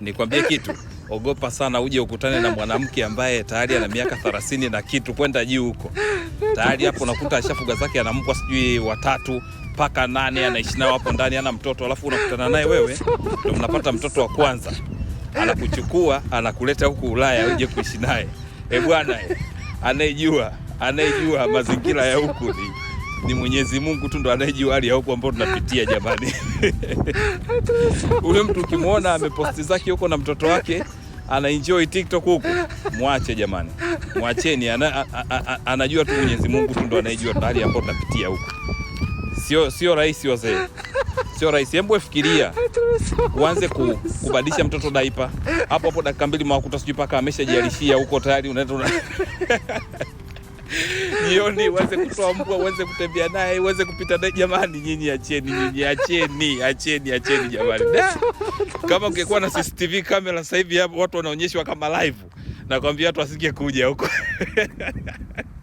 nikwambie kitu, ogopa sana uje ukutane na mwanamke ambaye tayari ana miaka 30 na kitu kwenda juu huko. Tayari hapo unakuta ashafuga zake, ana mbwa sijui watatu mpaka nane, anaishi nao hapo ndani, ana mtoto, alafu unakutana naye wewe, ndio mnapata mtoto wa kwanza, anakuchukua anakuleta huku Ulaya uje kuishi naye. E bwana, eh, anayejua anayejua mazingira ya huku ni ni Mwenyezi Mungu tu ndo anayejua hali ya huko ambao tunapitia jamani. Ule mtu ukimwona ameposti zake huko na mtoto wake enjoy TikTok huko, mwache jamani, mwacheni. Ana, a, a, a, anajua tu Mwenyezi Mungu tu ndo anayejua hali ambao tunapitia huko. Sio, sio rahisi wazee, sio rahisi. Hebu fikiria uanze ku, kubadilisha mtoto daipa hapo hapo dakika mbili mwakuta sijui paka ameshajialishia huko tayari unaenda jioni uweze kutoa mbwa, uweze kutembea naye, uweze kupita naye. Jamani nyinyi acheni, nyinyi acheni, acheni, acheni jamani. Kama ungekuwa na CCTV kamera sasa hivi, hapo watu wanaonyeshwa kama live, nakwambia watu wasingekuja huko.